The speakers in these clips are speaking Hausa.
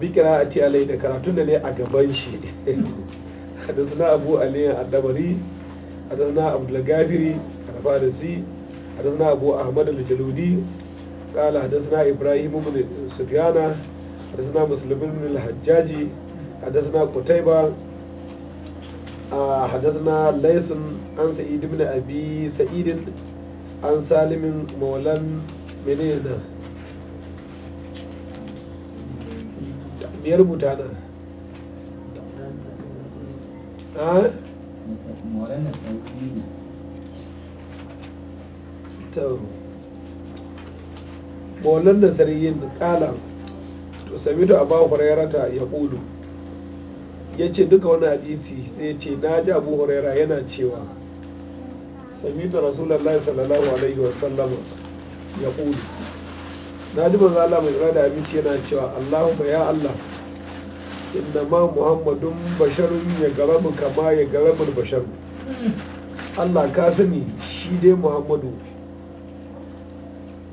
bikira a alai da karatun da ne a gaban shi da suna abu aliyu a dabari a da suna abu da a rafa da si a da suna abu ahmad al-jaludi kala da suna ibrahim ibn sufiana a da suna musulmi ibn al-hajjaji a da suna kutaiba a hadasna laysun an Sa'idu ibn abi sa'idin an salimin maulan menene nan. me rubuta nan maulan ah? da saryin kala to samitu abu hurairata ya ƙulu ya ce duka wani hadisi sai ya ce na ji abu huraira yana cewa samitu rasulallah sallallahu alaihi wasallama ya ƙulu na ji manzo Allah mai da abinci yana cewa Allahumma ya Allah Inna ma muhammadun basharun ya garabu kama ya garabu basharu allah ka sani shi dai muhammadu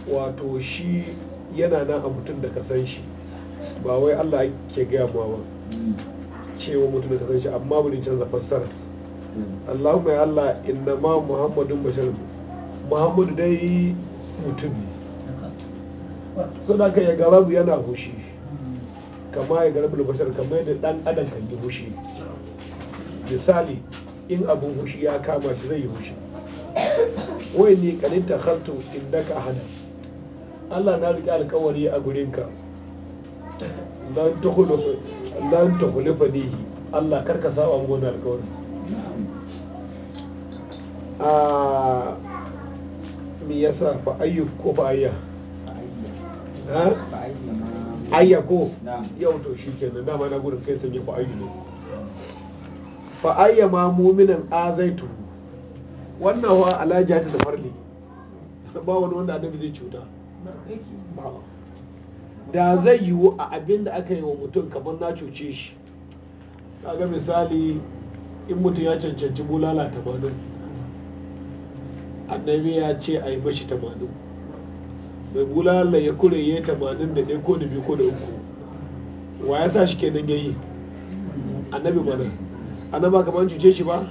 wato shi yana nan a mutum da ka san shi ba wai allah ke gaya ma ba cewa mutum da ka san shi amma bari canza fassara. allahumma ya allah inna ma muhammadun basharun muhammadu dai mutum ne sadaka ya garabu yana hushi kama ya garbu bashar kamar da dan adam kan yi hushi misali in abun hushi ya kama shi zai yi hushi wai ne kanin inda ka hada Allah na riƙe alkawari a gurinka lan ta hulufa tukhulufa nihi Allah karka saba mu wannan alkawari a me yasa fa ayyub ko fa ayya ha ayyako yau to shi kenan dama na gurin kai sanya ku ayyu ne fa ayya ma muminan azaitu wannan wa alaja ta da farli ba wani wanda annabi zai cuta da zai yiwu a abin da aka yi wa mutum kamar na cuce shi ga misali in mutum ya cancanci bulala tamanin annabi ya ce a yi mashi tamanin mai bulalar ya kure ya tamanin da ɗaya ko da biyu ko da uku wa ya sa shi kenan ya yi annabi mana annabi ba kamar cuce shi ba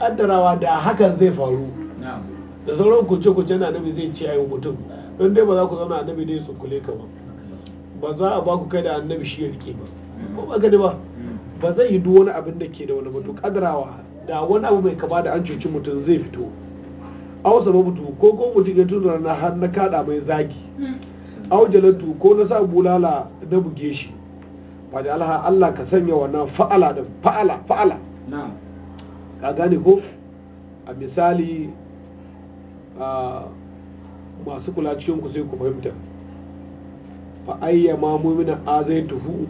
addarawa da hakan zai faru da sauran kunce kunce na annabi zai ci ayi mutum don dai ba za ku zauna annabi dai su kule ka ba ba za a ba ku kai da annabi shi ya rike ba ko ba gani ba ba zai yi duk wani abin da ke da wani mutum kadarawa da wani abu mai kama da an cuci mutum zai fito aw mutu ko ko mutu ya tuna na har na kada mai zagi hmm. aw jalatu ko na sa bulala na buge shi ba da Allah Allah ka sanya wannan fa'ala da fa'ala fa'ala ka gane ko a misali masu kula cikin ku sai ku fahimta fa ayyama mu'mina azaituhu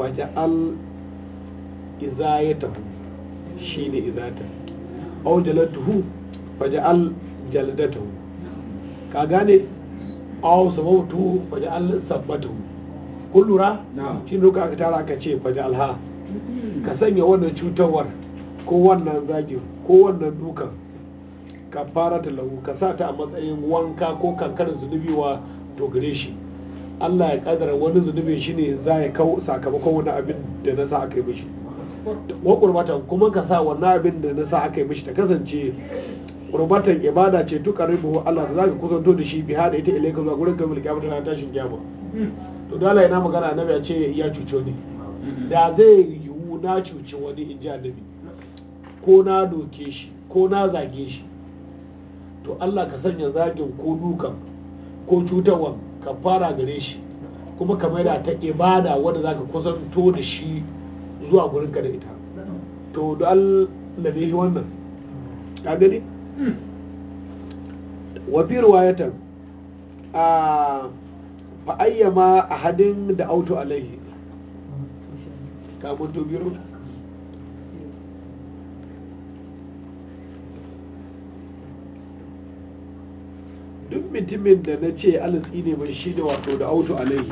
fa ja'al izayatahu shine izata aw jalatuhu faja'al jaldatahu ka gane aw samautu faja'al sabbatahu kun lura shi ne aka tara ka ce faja'al ha ka sanya wannan cutarwar ko wannan zagi ko wannan dukan ka fara ta lahu ka sa ta a matsayin wanka ko kankanin zunubi wa to shi Allah ya kadara wani zunubin shi ne za ya kawo sakamakon wani abin da na sa aka yi mishi wa kuma ka sa wannan abin da na sa aka yi mishi ta kasance qurbatan ibada ce tuka ribu Allah da zaka kusanto da shi bi hada ita ilaika zuwa gurin kamar kiyama na tashin kiyama to dala ina magana annabi ya ce ya cuce ni da zai yiwu na cuci wani in ji annabi ko na doke shi ko na zage shi to Allah ka sanya zagin ko dukan ko cutarwa ka fara gare shi kuma ka maida ta ibada wanda zaka kusanto da shi zuwa gurin ka da ita to da Allah ne wannan ka gani wa fi a fa'ayyama ayyama hadin da auto alaihi kamun to biro duk mutumin da na ce alitsi ne mai shi ne wato da auto alaihi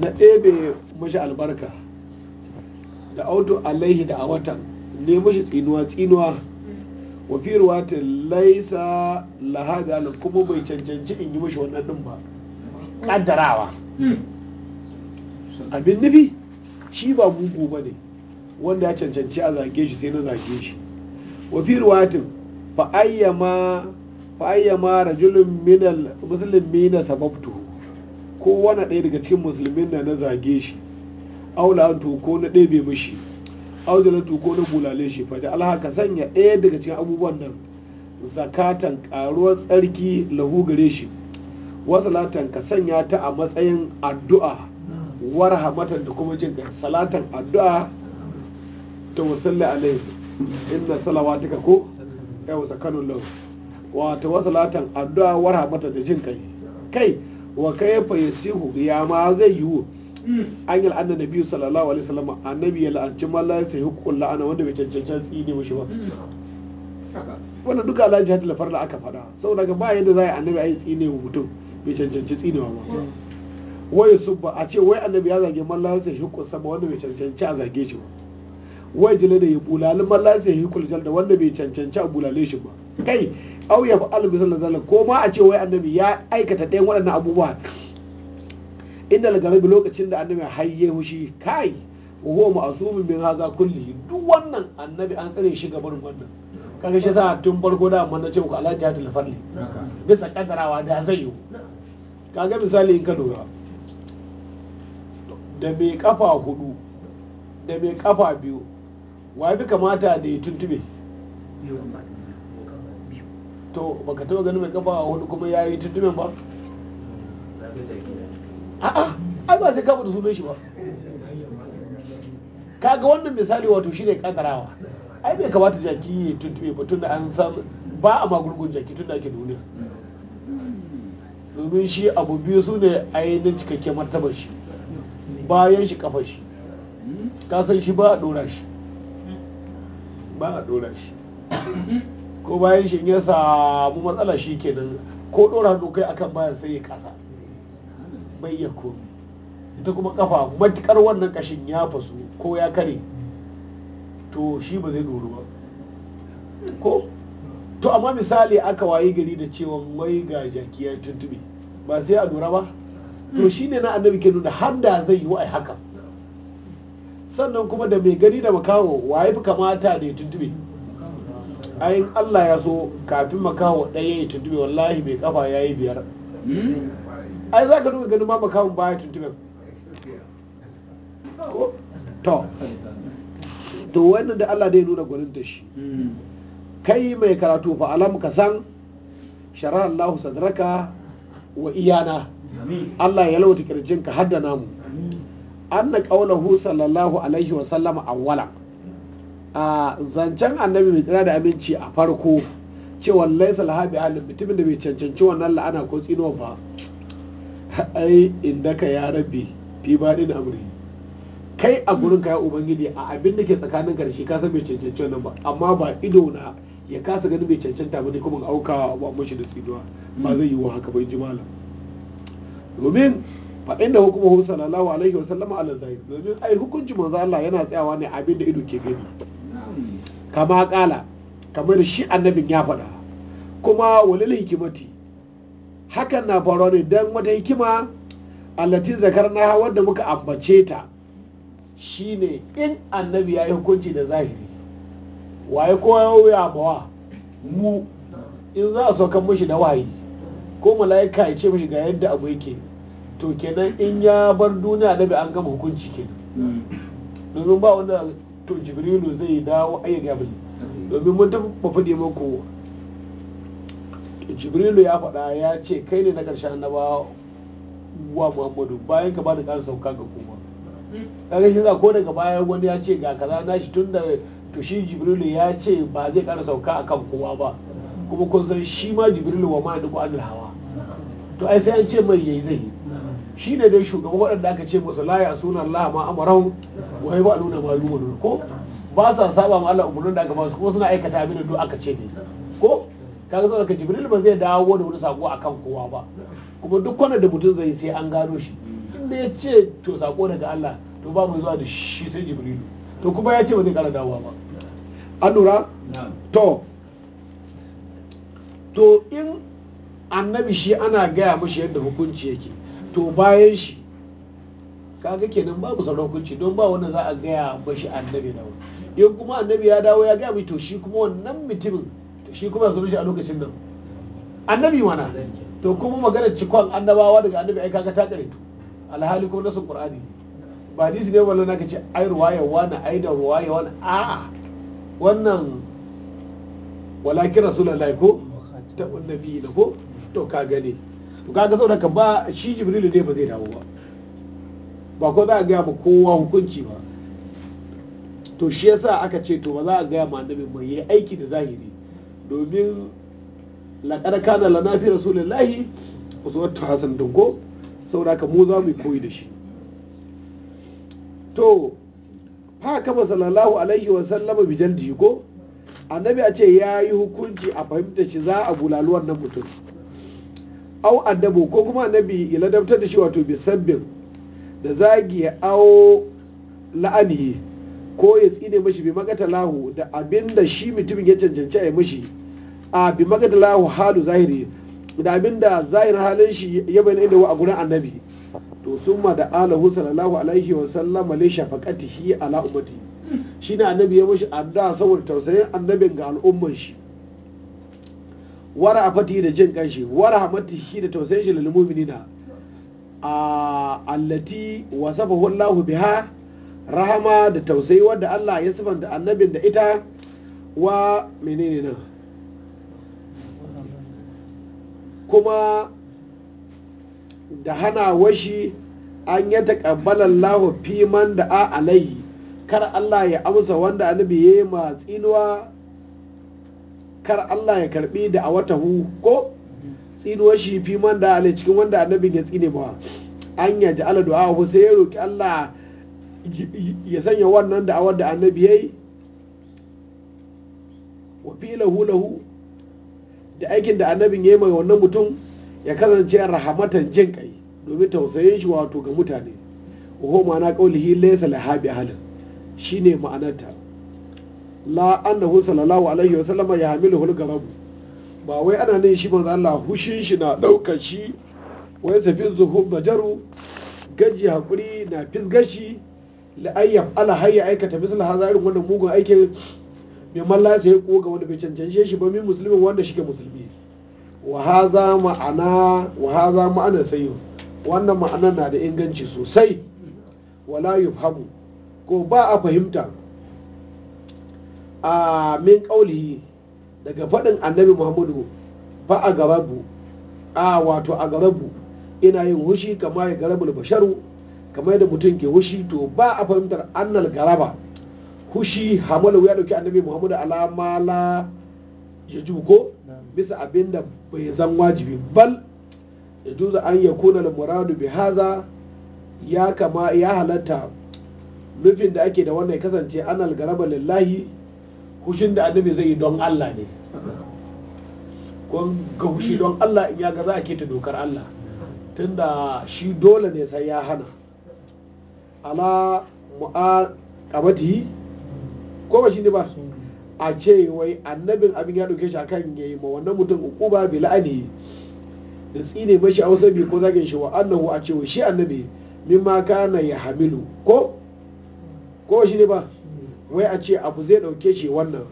na ɗebe mashi albarka da auto alaihi da a watan ne mashi tsinuwa tsinuwa wa fi laisa lahaga kuma bai cancanci in yi mashi wannan din ba kaddarawa abin nufi shi ba mugu ba ne wanda ya cancanci a zage shi sai na zage shi wa fi fa'ayyama rajulun minal musulmi na sababtu ko wani ɗaya daga cikin musulmin na na zage shi aula ko na ɗaya bai mashi audalatu ko na bulale shi fa da Allah ka sanya ɗaya daga cikin abubuwan nan zakatan karuwar tsarki lahu gare shi wasalatan ka sanya ta a matsayin addu'a warhamatan da kuma jin salatan addu'a ta wasalli alai inna salawatuka ko yau sakanun lahu wata wasalatan addu'a warhamatan da jin kai kai wa kai fa yasihu ya ma zai yiwu an yi la'anna biyu sallallahu alaihi wasallam annabi ya la'anci malla ya sai hukun la'ana wanda bai cancanci cancanta ne mashi ba wannan duka ala jihad la farla aka faɗa saboda ga ba yadda za a yi annabi a yi tsine wa mutum bai cancanci tsinewa ba hmm. wai ba a ce wai annabi ya zage malla ya sai hukun sama wanda bai cancanci a zage shi ba wai jile da ya bulali malla sai hukun jalda wanda bai cancanci a bulale shi ba kai au ya fa'al bisan lazalin ko ma a ce wai annabi ya aikata ɗayan waɗannan abubuwa inda rabi lokacin da annabi hayye hushi kai wa huwa ma'asumin min haza kulli duk wannan annabi an tsare shi gaban wannan kaga shi sa tun farko da amma ce ku ala jahatul farli bisa kadarawa da zai yi kaga misali in ka lura da mai kafa hudu da mai kafa biyu wa bi kamata da ya tuntube to baka taba gani mai kafa hudu kuma ya yi tuntuben ba a'a ba sai kafa da sunan shi ba kaga wannan misali wato shine kadarawa ai bai kamata jaki ya tuntube ba tunda an san ba a magurgun jaki tunda ake duniya domin shi abu biyu su ne ainihin cikakken martabar shi bayan shi kafar shi ka san shi ba a dora shi ba a dora shi ko bayan shi ya samu matsala shi kenan ko dora dokai akan bayan sai ya kasa mayya komi ita kuma kafa matukar wannan kashin ya fasu ko ya kare to shi ba zai doru ba ko to amma misali aka wayi gari da cewa wai ga jaki ya tuntube ba sai a dora ba to shi ne na annabi ke nuna har da zai yi ai haka sannan kuma da mai gari da makaho waye fi kamata da ya tuntube ayin Allah ya so kafin makawo ɗaya ya tuntube wallahi mai kafa ya yi biyar hmm? ai za ka nuna ganin ma makawun baya tuntube ko to to wannan da Allah dai nuna da shi kai mai karatu fa alam ka san shara Allah sadraka wa iyana Allah ya lauta kirjinka har da namu anna qaulahu sallallahu alaihi wa sallam awwala a zancen annabi mai tsira da aminci a farko cewa laisa lahabi alim mutumin da bai cancanci wannan la'ana ko tsinowa ba ai ka ya rabbi fi ɗin amri kai a gurin ka ya ubangiji a abin da ke tsakanin karshe ka san bai cancanci wannan ba amma ba ido na ya kasa ganin mai cancanta ba ne kuma auka ba mashi da tsiduwa ba zai yi wa haka bai ji malam domin faɗin da hukumar hu sallallahu alaihi wa sallama ala zai domin ai hukunci manzo Allah yana tsayawa ne abin da ido ke gani kama kala kamar shi annabin ya faɗa kuma walil hikimati hakan na faruwa ne don wata hikima allatin zakar na wadda muka ambace ta shine in annabi ya yi hukunci da zahiri waye kowa ya wuya mawa mu in za a saukan mushi da wayi ko mala'ika ya ce mushi ga yadda abu yake to kenan in ya bar duniya annabi an gama hukunci ke? domin ba wanda to jibrilu zai dawo ayyuka bai domin mun tafi mafi muku jibrilu ya faɗa ya ce kai ne na ƙarshen annabawa wa muhammadu bayan ka ba da ƙarin sauka ga kuma kaga shi za ko daga bayan wani ya ce ga kaza na shi tun da to shi jibrilu ya ce ba zai ƙara sauka a kan kowa ba kuma kun san shi ma jibrilu wa ma duk wani hawa to ai sai an ce mai yayi zai shi ne dai shugaban waɗanda aka ce musu laya sunan Allah ma wa ya ba'luna ma ko ba sa saba ma Allah umurnin da aka ba su kuma suna aikata abin da aka ce ne ko kaga saboda jibril ba zai dawo da wani sako akan kowa ba kuma duk kwanar da mutum zai sai an gano shi inda ya ce to sako daga Allah to ba mu zuwa da shi sai jibrilu to kuma ya ce ba zai kara dawowa ba an lura to to in annabi shi ana gaya mashi yadda hukunci yake to bayan shi kaga kenan babu sauran hukunci don ba wanda za a gaya mashi annabi dawo in kuma annabi ya dawo ya gaya mashi to shi kuma wannan mutumin shi kuma yanzu shi a lokacin nan annabi mana to kuma maganar cikon annabawa daga annabi ai kaga ta kare alhali ko nasu qur'ani ba hadisi ne wallahi naka ce ai ruwaya wani ai da ruwaya wani a'a wannan walakin rasulullahi ko ta annabi da ko to ka gane to kaga saboda ka ba shi jibrilu ne ba zai dawo ba ba ko za a gaya ma kowa hukunci ba to shi yasa aka ce to ba za a gaya ma annabi mai aiki da zahiri domin laƙar kana lana fi rasulillahi uswatu hasan sau saboda haka mu za mu koyi da shi to fa kama sallallahu alaihi wa sallama bi jaldi ko annabi a ce ya yi hukunci a fahimta shi za a bulalu wannan mutum au addabu ko kuma annabi ya ladabtar da shi wato bisabbin da zagi ya au la'ani ko ya tsine mashi bi makatalahu da abinda shi mutumin ya cancanci a yi mashi a bi magadalahu halu zahiri da abinda zahir halin shi ya bayyana inda a gurin annabi to summa da alahu sallallahu alaihi wa sallama li shafaqatihi ala ummati shine annabi ya mishi addu'a saboda tausayin annabin ga al'umman shi wara afati da jin kanshi wara hamatihi da tausayin shi lil mu'minina a allati wasafahu Allahu biha rahama da tausayi wanda Allah ya sifanta annabin da ita wa menene nan kuma da hana washi an yi taƙabbala Allah fi man da a alayhi kar Allah ya amsa wanda annabi ya yi ma tsinuwa kar Allah ya karbi da a wata hu ko tsinuwa shi fi man da alai cikin wanda annabin ya tsine ba an ya ji ala du'a sai ya roki Allah ya sanya wannan a wadda annabi yayi wa fi lahu lahu da aikin da annabin ya yi mai wannan mutum ya kasance a rahamatan jin kai domin tausayin shi wato ga mutane ho ma'ana qaulihi laysa lahabi ahadin shine ma'anarta la annahu sallallahu alaihi wa salama ya hamilu ba wai ana nan shi manzo Allah hushin shi na daukar shi wai safin zuhub bajaru gaji hakuri na fisgashi la ayyab ala hayya aikata misal haza irin wannan mugun aikin mai malla sai ko ga wanda bai cancance shi ba min musulmin wanda shi ke musulmi wa za ma'ana wa ma'ana wannan ma'ana na da inganci sosai wala yufhamu ko ba a fahimta a min kaulihi daga faɗin annabi muhammadu ba a garabu a wato a garabu ina yin hushi kama ya da basharu kamar da mutum ke hushi to ba a fahimtar annal garaba hushi hamala wuya dauki annabi muhammadu alama la ya ko bisa abinda bai zan wajibi bal ya juza an ya kuna da muradu bi haza ya kama ya halatta nufin da ake da wannan kasance an algaraba lillahi hushin da annabi zai yi don allah ne kun ga hushi don allah in ya ga za a keta dokar allah tunda shi dole ne sai ya hana ala mu'a kamati ko ba shi ne ba a ce wai annabin abin ya ɗauke shi akan yi ma wannan mutum ba bi la'ani da tsine mashi hausa bi ko zagin shi wa annahu a ce shi annabi min ka kana ya hamilu ko ko shi ne ba wai a ce abu zai ɗauke shi wannan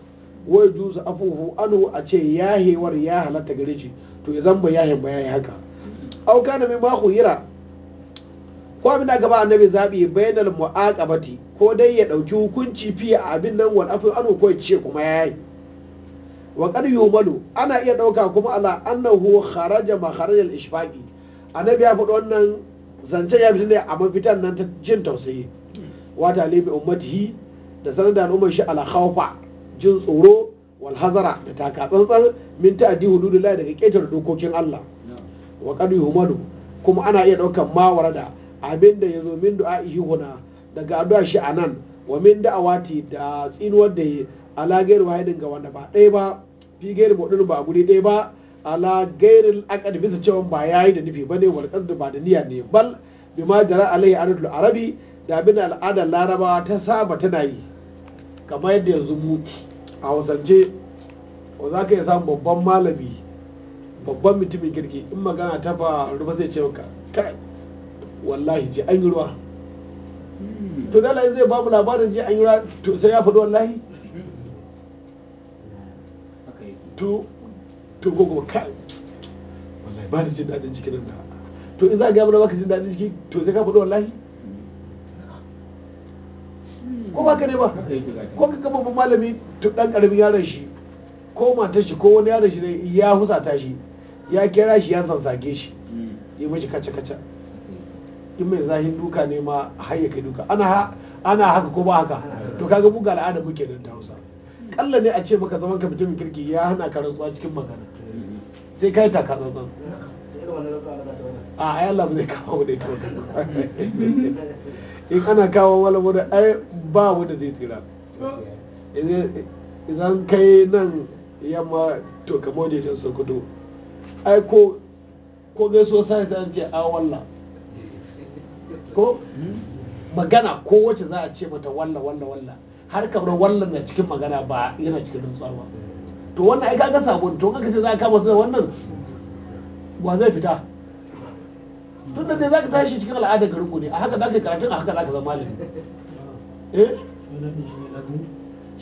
wai juzu afuhu anhu a ce yahewar ya halatta gare shi to ya zamba ya yahe ya yi haka au kana mimma khuyira ko abin da gaba annabi zabi bainal mu'aqabati ko dai ya dauki hukunci fiye a abin nan wal afu anu ko ce kuma yayi wa qad yumalu ana iya dauka kuma ala annahu kharaja kharaja al ishfaqi annabi ya faɗi wannan zance ya fita ne a mafitan nan ta jin tausayi wata libi ummatihi da sanar da al'ummar shi ala khawfa jin tsoro wal hazara da taka tsantsan min ta'di hududillahi daga ketar dokokin Allah wa qad yumalu kuma ana iya daukan mawarada abin da ya zo min ihi huna daga addu'a shi a nan wa min da'awati da tsinuwar da ya ala gairu haidin ga wanda ba ɗaya ba fi gairu ba ɗin ba guri ɗaya ba ala gairu akad bisa cewa ba ya yi da nufi ba ne wa da ba da niyya ne bal ma jara alaihi adul arabi da abin al'adar Laraba ta saba tana yi kamar yadda yanzu mu a hausance ko za ka iya samun babban malami babban mutumin kirki in magana ta ba rufa zai ce ka wallahi ce an yi ruwa hmm. to da zai ba mu labarin ji an yi ruwa to sai ya faɗi wallahi to to gogo ka wallahi ba da jin daɗin jikin nan to in za a gaya mana baka jin daɗin jiki to sai ka faɗi wallahi hmm. ko ba ka ne ba ko ka kama ba malami to ɗan ƙaramin yaron shi ko matar shi ko wani yaron shi ne ya husata shi ya kera shi ya sansage shi hmm. yi mashi kaca-kaca in mai zahin duka ne ma har kai duka ana haka ko ba haka to kaga buga al'ada muke nan ta Hausa kalla ne a ce maka zaman ka mutumin kirki ya hana ka rantsuwa cikin magana sai kai ta ka zan a ai Allah zai kawo da ita in ana kawo wala wani ai ba wanda zai tsira idan kai nan yamma to kamar da ya sokoto ai ko ko gaiso sai sai an ce a wallah ko hmm? magana ko wacce za a ce mata walla walla walla har kamar wallan na cikin magana ba yana cikin rantsuwa ba to wannan ai kaga sabon to kaga ce za ka kama su wannan wa zai fita tun da dai za ka tashi cikin al'ada garin ku ne a haka za ka a haka za ka zama malami eh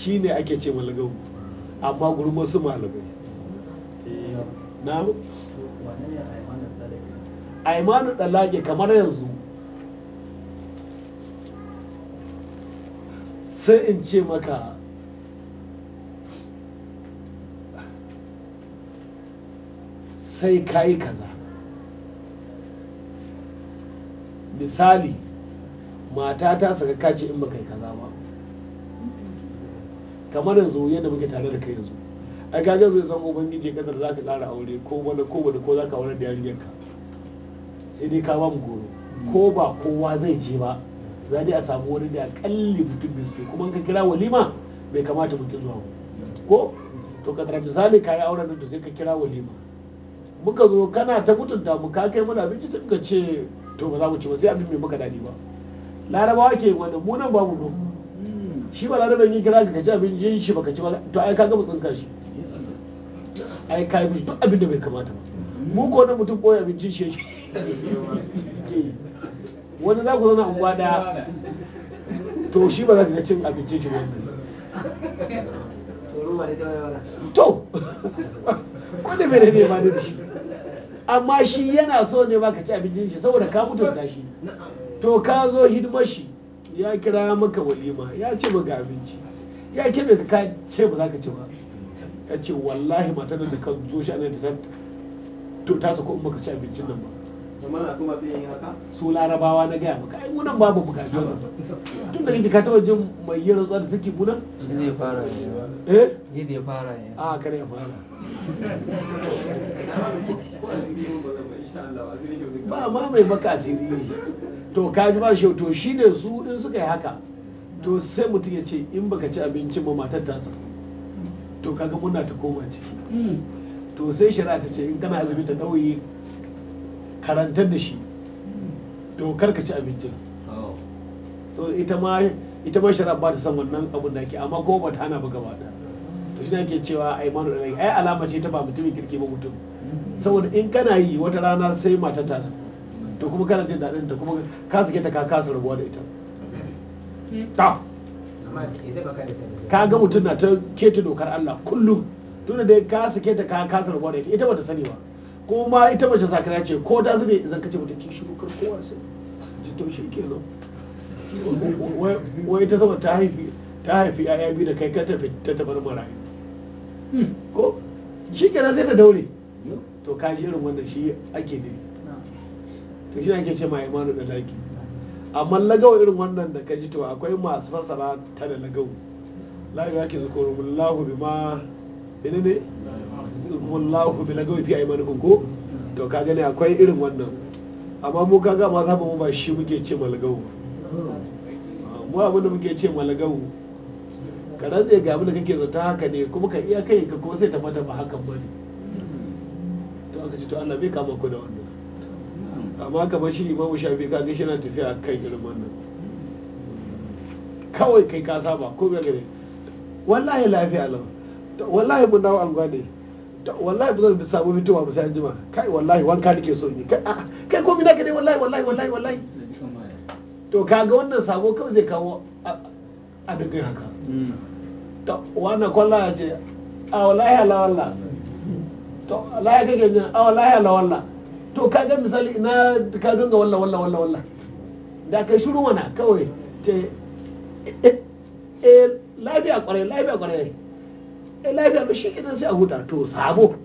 shi ne ake ce malagau amma gurin wasu malamai eh, na aimanu dalage kamar yanzu sai in ce maka sai ka yi kaza misali mata ta saka kace in baka yi kaza ba kamar yanzu yadda muke tare da kai yanzu ai ka ga zai san ubangiji da za ka tsara aure ko wani ko wani ko za ka wani da yarinyarka sai dai ka ba goro ko ba kowa zai je ba za a samu wani da kalli mutum biyu suke kuma ka kira walima bai kamata muke zuwa ko to ka tarafi misali kayi auren nan to sai ka kira walima muka zo kana ta mutunta mu ka kai mana abinci sai muka ce to ba za mu ci ba sai abin mai muka daɗi ba larabawa ke wanda mu nan babu mu shi ba larabawa ne kira ka ci abinci shi ba ka ci ba to ai ka ga tsinka shi ai ka yi duk abin da bai kamata ba mu ko da mutum koyi abincin shi wani za ku zauna unguwa da to shi ba za ka cin abincin shi to wanda bai ne ma da shi amma shi yana so ne ba ka ci abincin shi saboda ka mutu da shi to ka zo hidima shi ya kira maka walima ya ce maka abinci ya kebe ka ka ce ba za ka ci ba ya ce wallahi matar da ka zo shi a nan ta to ta ko in baka ci abincin nan ba yin haka. su larabawa na gaya maka ai munan babu mu gaji wannan tun da kake ka taba jin mai yi rantsuwa da suke munan shi ne fara eh ni ne fara ne a ah, kare fara ba ma mai maka asiri ne to ka ji ba shi to shi ne su in suka yi haka to sai mutum ya ce in baka ci abincin ba matar ta to kaga muna ta koma ciki hmm. to sai shari'a ta ce in kana azumi ta ɗauye karantar da shi to karka ci abincin oh. so ita ma ita ma shara ba ta san wannan abun da ke amma ko ba ta hana ba gaba da to shi ne ke cewa ai manu da ai alama ce ta ba mutumin kirki ba mutum saboda in kana yi wata rana sai mata ta su to kuma kana jin daɗin ta kuma ka suke ta kaka su rabuwa da ita hmm. ta ka ga mutum na ta keta dokar Allah kullum tunda da ka suke ta ka kasa rabuwa da ita ita ta sani ba kuma ita mace sakara ce ko ta zube idan ka ce mutum ki shiru kar kowa sai ji to shi ke zo wai ta zama ta haifi ta haifi a biyu da kai ka tafi ta tabar marayu hmm. ko shi na sai ta daure to ka ji irin wannan shi ake ne to shi ake ce ma imanu da laki amma lagawa irin wannan da ka ji to akwai masu fasara ta da lagawa la yake zukurullahu bima ne ne yuzilkumullahu bi lagawi fi aymanikum ko to ka gani akwai irin wannan amma mu kaga ma zaba mu ba shi muke ce malagawu mu abin da muke ce malagawu ka rantse ga abin da kake zata haka ne kuma ka iya kai ka ko sai ta fata ba hakan ba ne to aka ce to Allah bai kama ku da wannan amma kamar shi imamu shafi ka shi na tafiya kan irin wannan kawai kai ka saba ko ga gare wallahi lafiya lau wallahi mun dawo an gane wallahi ba zai samu fitowa ba sai jima kai wallahi wanka nake so ni kai kai ko mina kai wallahi wallahi wallahi wallahi to kaga wannan sabo kawai zai kawo a dukkan haka hmm. to wannan kwallon ya ce a wallahi ala wallah to wallahi kake jin a wallahi ala wallah to kaga misali ina ka dinga wallah wallah wallah wallah da kai shiru mana kawai te eh, eh, eh lafiya kwarai lafiya kwarai ya lafiya ba shi idan sai a huta to sabo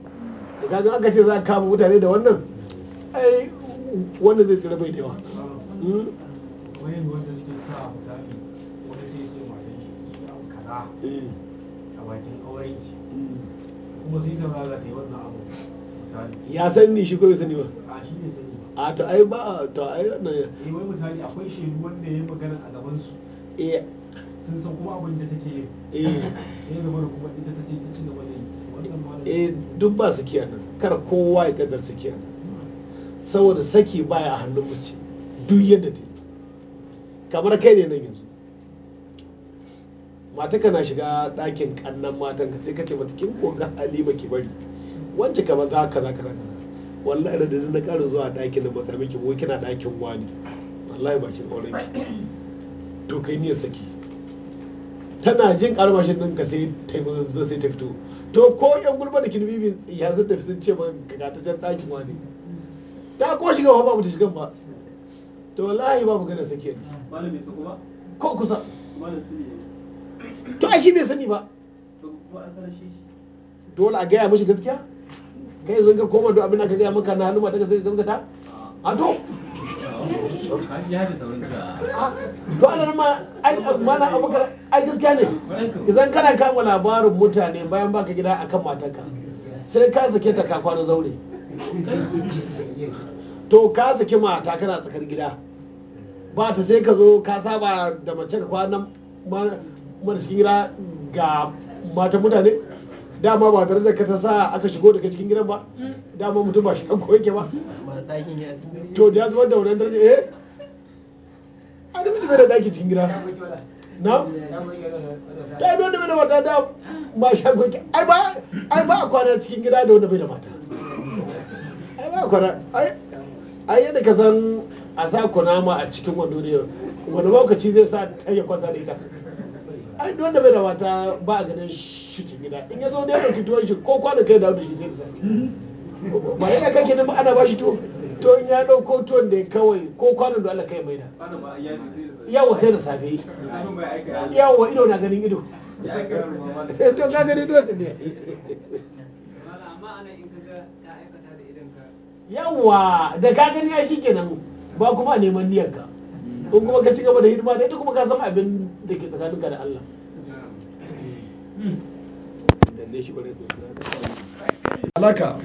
da kaga aka ce za a kama mutane da wannan ai wanda zai tsira bai da yawa hmm? ya eh. hmm. san ni shi ko bai sani ba a to ai ba to ai wannan ya eh, wai misali akwai shehu wanda ya magana a gaban su eh, sun san kuma abin da take yi eh sai gaba da kuma ita ta ce ta ci gaba da yi eh duk ba su kiyan nan kar kowa ya kaddar su kiyan saboda saki baya a hannun mace duk yadda ta yi kamar kai ne nan yanzu mata kana shiga ɗakin ƙannan matan ka sai ka ce mata kin koga halima ki bari wancan kamar za ka za ka za ka wallahi da na ƙara zuwa ɗakin nan ba sami ki ko kina ɗakin wani wallahi ba ki auren ki to kai niyyar saki tana jin karmashin din ka sai ta yi sai ta fito to ko yan gulma da bibin ya sun tafi sun ce maka ka ta can ɗakin wani ta ko shiga ba mu ta shigan ba to wallahi ba magana sake ne ah, ko kusa to a shi bai sani ba dole a gaya mashi gaskiya kai zanga koma duk abin da ka gaya maka na halima ta ka gaskiya gaskata ah. a to to ana ai gaskiya ne idan kana kama labarin mutane bayan baka gida akan matarka sai ka sake ta ka kwana zaure to ka saki mata kana tsakar gida ba ta sai ka zo ka saba da mace ka kwana mana cikin gida ga matan mutane dama ba darajar ka ta sa aka shigo daga cikin gidan ba dama mutum ba shi kanko yake ba to da ya zuwa da wannan eh a da miji bai da daki cikin gida na ta yi wanda bai da mata da ba shagoki ai ba ai ba a kwana cikin gida da wanda bai da mata ai ba a kwana ai yadda ka san a sa nama a cikin wando ne wani lokaci zai sa ta yi kwanta da ita ai duk wanda bai da mata ba a ganin shi cikin gida in ya zo da ya ɗauki tuwon shi ko kwana kai da wanda shi sai da sa ba yana kake nan ba ana ba shi tuwo to in ya ɗauko tuwon da kawai ko kwanon da Allah kai mai da yawa sai da safe yawa ido na ganin ido to ka gani dole ne yawa da ka gani ya shi kenan ba kuma neman ka ko kuma ka ci gaba da hidima da ita kuma ka zama abin da ke tsakaninka da Allah alaka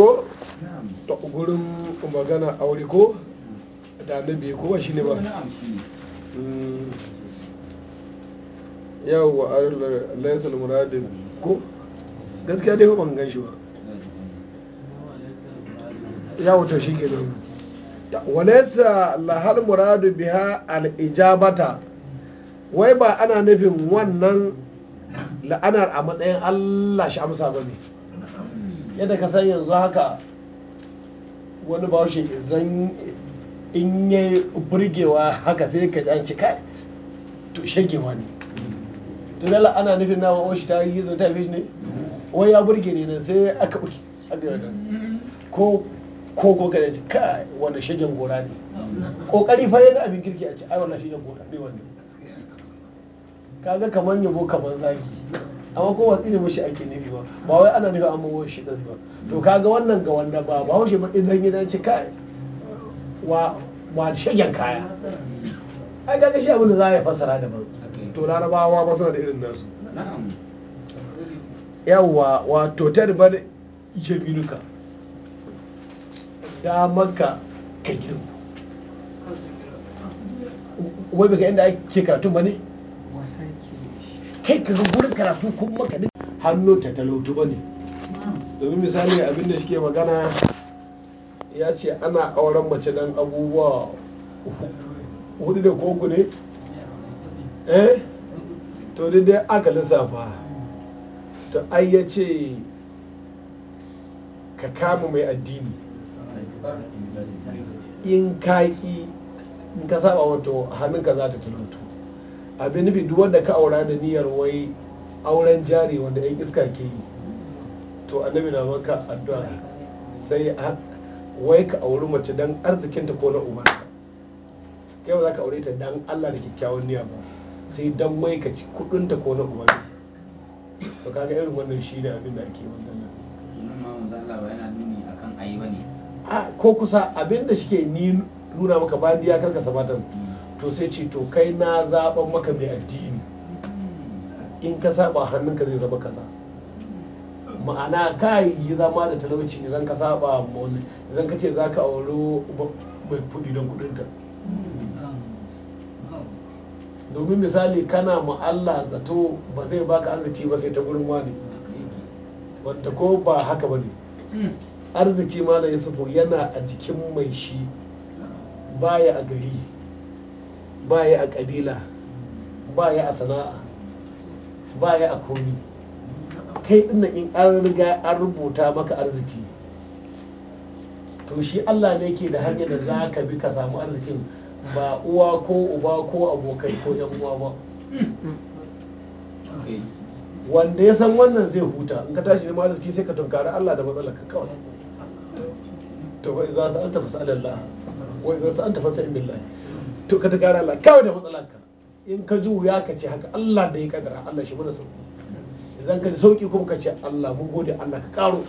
ko to gurin magana aure ko da na biyu kuma shi ne ba yau hmm. ba yawwa laisal muradin ko gaskiya dai ban gan shi ba yau to shi ke kenan walaisa lahal muradu biha al-ijabata wai ba ana nufin wannan la'anar a matsayin Allah shi amsa ba ne yadda ka san yanzu haka wani bashi zan in ya burgewa haka sai ka ji cika kai to shagewa ne to dala ana nufin na wa shi ta yi zo ta fi ne wai ya burge ne nan sai aka buki ko ko ko kada ka kai wanda shagen gora ne kokari fa yadda abin kirki a ci ai wannan shagen gora ne wanda kaga kamar yabo kamar zagi amma ko watsi ne mashi ake nufi ba ba wai ana nufi an mawa shi ɗin ba to kaga wannan ga wanda ba ba haushe ba idan gidan ci kai wa wa shagen kaya ai kaga shi abin da za a yi fasara da ban to larabawa ba suna da irin nasu yawwa wato binuka. Da maka ka gidan wai baka inda ake karatun ba ne kai ka gurin karatu kuma duk hannu ta talautu ba ne domin misali abinda shi ke magana ya ce ana auren mace dan abubuwa hudu da koko ne eh to dai aka lissafa to ai ya ce ka kama mai addini in ka in ka saba wato hannunka za ta talautu abin nufi duk wanda ka aura da niyyar wai auren jari wanda yan iska ke yi to annabi na maka addu'a sai wai ka auri mace dan arzikinta ko na umarta kai ba za ka aure ta dan Allah da kyakkyawan niyya ba sai dan wai ka ci kudinta ko na umarta to kaga irin wannan shi ne abin da ake wannan nan ko kusa abin da shike ni nuna maka ni ya karkasa matan hmm. to sai ce to kai na zaɓan maka mai addini in ka saba hannunka zai zama kaza ma'ana kai yi zama da talauci idan ka saba idan ka ce za ka auro mai kuɗi don kuɗinka domin misali kana ma Allah zato ba zai baka arziki ba sai ta gurin wani wanda ko ba haka ba ne arziki ma malam yusufu yana a jikin mai shi baya a gari ba ya a ƙabila ba ya a sana'a ba ya a komi kai ɗin in an riga an rubuta maka arziki to shi Allah ne ke da hanyar da za ka bi ka samu arzikin ba uwa ko uba ko abokai ko yan uwa ba wanda ya san wannan zai huta in ka tashi neman arziki sai ka tunkari Allah da matsalar ka kawai to wai za su an tafasa sa'alallah wai za su an tafi billahi to ka ta kara Allah kawai da matsalanka in ka ji wuya ka ce haka Allah da ya kadara Allah shi mana sauki idan ka ji sauki kuma ka ce Allah mun gode Allah ka karo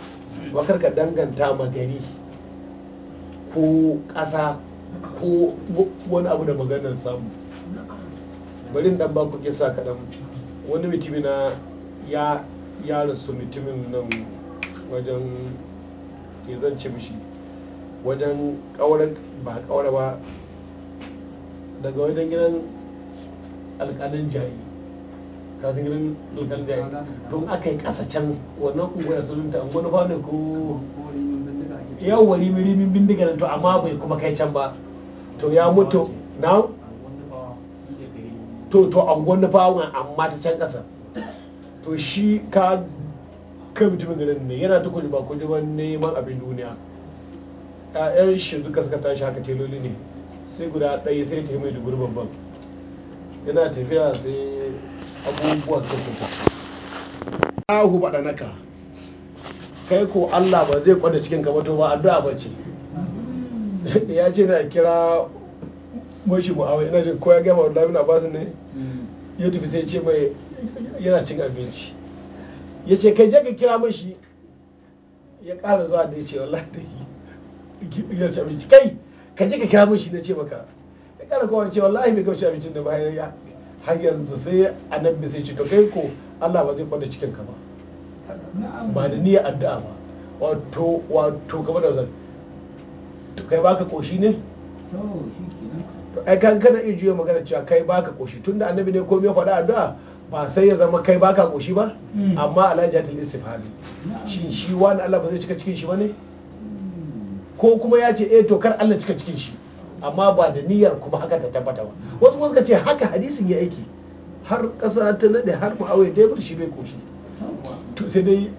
ba kar ka danganta magari ko ƙasa ko wani abu da maganar samu bari dan ba ku kisa kaɗan wani mutumi na ya ya rasu mutumin nan wajen ke zance mishi wajen ƙaurar ba ƙaura ba daga wajen gidan alƙalin jayi kasan gidan alƙalin jayi to aka yi ƙasa can wannan unguwar sulunta an nufa ne ko wani rimin bindiga to amma bai kuma kai can ba to ya mutu na to to angon fawon amma ta can ƙasa to shi ka kai mutumin ganin ne yana ta kuji ba neman abin duniya 'ya'yan shi duka suka tashi haka teloli ne sai guda ɗaya sai ta yi mai duguri babban yana tafiya sai abubuwa suka fita ahu baɗa naka kai ko allah ba zai kwada cikin ka ba to ba addu'a ba ce ya ce na kira mashi mu'awai yana ce ko ya gama wallahi na basu ne ya tafi sai ce mai yana cin abinci ya ce kai je ka kira mashi ya ƙara zuwa da ya ce wallahi ya ci abinci kai ka ji ka kira mun shi na ce maka ya kara kowa cewa lahi mai kauce abincin da bayan ya har yanzu sai annabi sai ce to kai ko Allah ba zai kwada cikin ka ba ba da niyyar addu'a ba wato wato kamar da zan to kai baka koshi ne to ai kan kana iya juya magana cewa kai baka koshi tunda annabi ne komai ya faɗa addu'a ba sai ya zama kai baka koshi ba hmm. amma alhaji hatin istifhami shin shi wani Allah ba zai cika cikin shi ba ne ko kuma ya ce eh to kar Allah cika cikin shi amma ba da niyyar kuma haka ta tabbata ba wasu kuma suka ce haka hadisin ya aiki har ƙasa ta nade har mu'awai da shi bai koshi to sai dai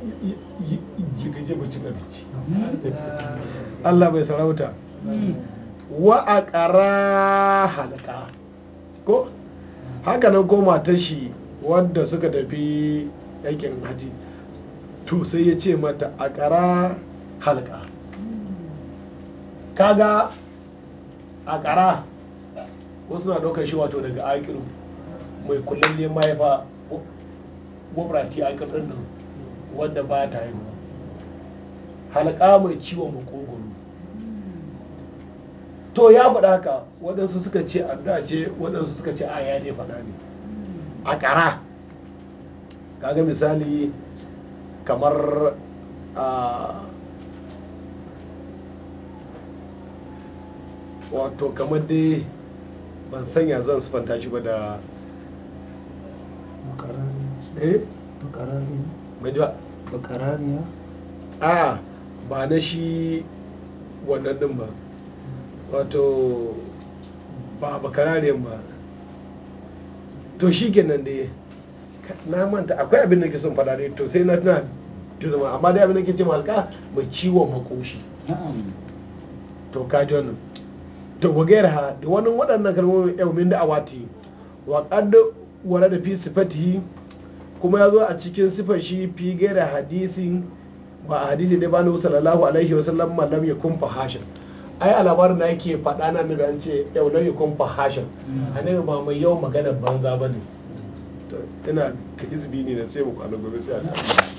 je ba cin abinci Allah bai sarauta wa a ƙara ko haka nan ko matar shi wanda suka tafi aikin haji to sai ya ce mata a ƙara halka kaga a ƙara wasu na ɗaukar shi wato daga aikin mai kullalle mahaifa gwamnati a ƙasar nan wanda ba ta yi halka mai ciwon makogoro to ya faɗa haka waɗansu suka ce a ce waɗansu suka ce a ya ne faɗa ne a ƙara kaga misali kamar a ah, wato kamar dai ban sanya zan sufanta shi ba da bakarariya eh? a ba na shi wannan ba wato ba bakarariyan ba to shi kenan dai na manta akwai abin da ke son fada dai to sai na tuna tuzuma amma dai abin da ke ce halka mai ciwon makoshi to kaji wannan da wagairaha da wani waɗannan kalmomi yawmin da awati wa qad da fi sifatihi kuma ya zo a cikin sifar shi fi gaira hadisi ba a hadisi da bani sallallahu alaihi wasallam lam yakun fahashan ai a labarin na yake faɗa na daga an ce yau lam yakun a mm. annabi ba mai yau magana banza bane ina ka izbi ne na ce muku a gobe sai a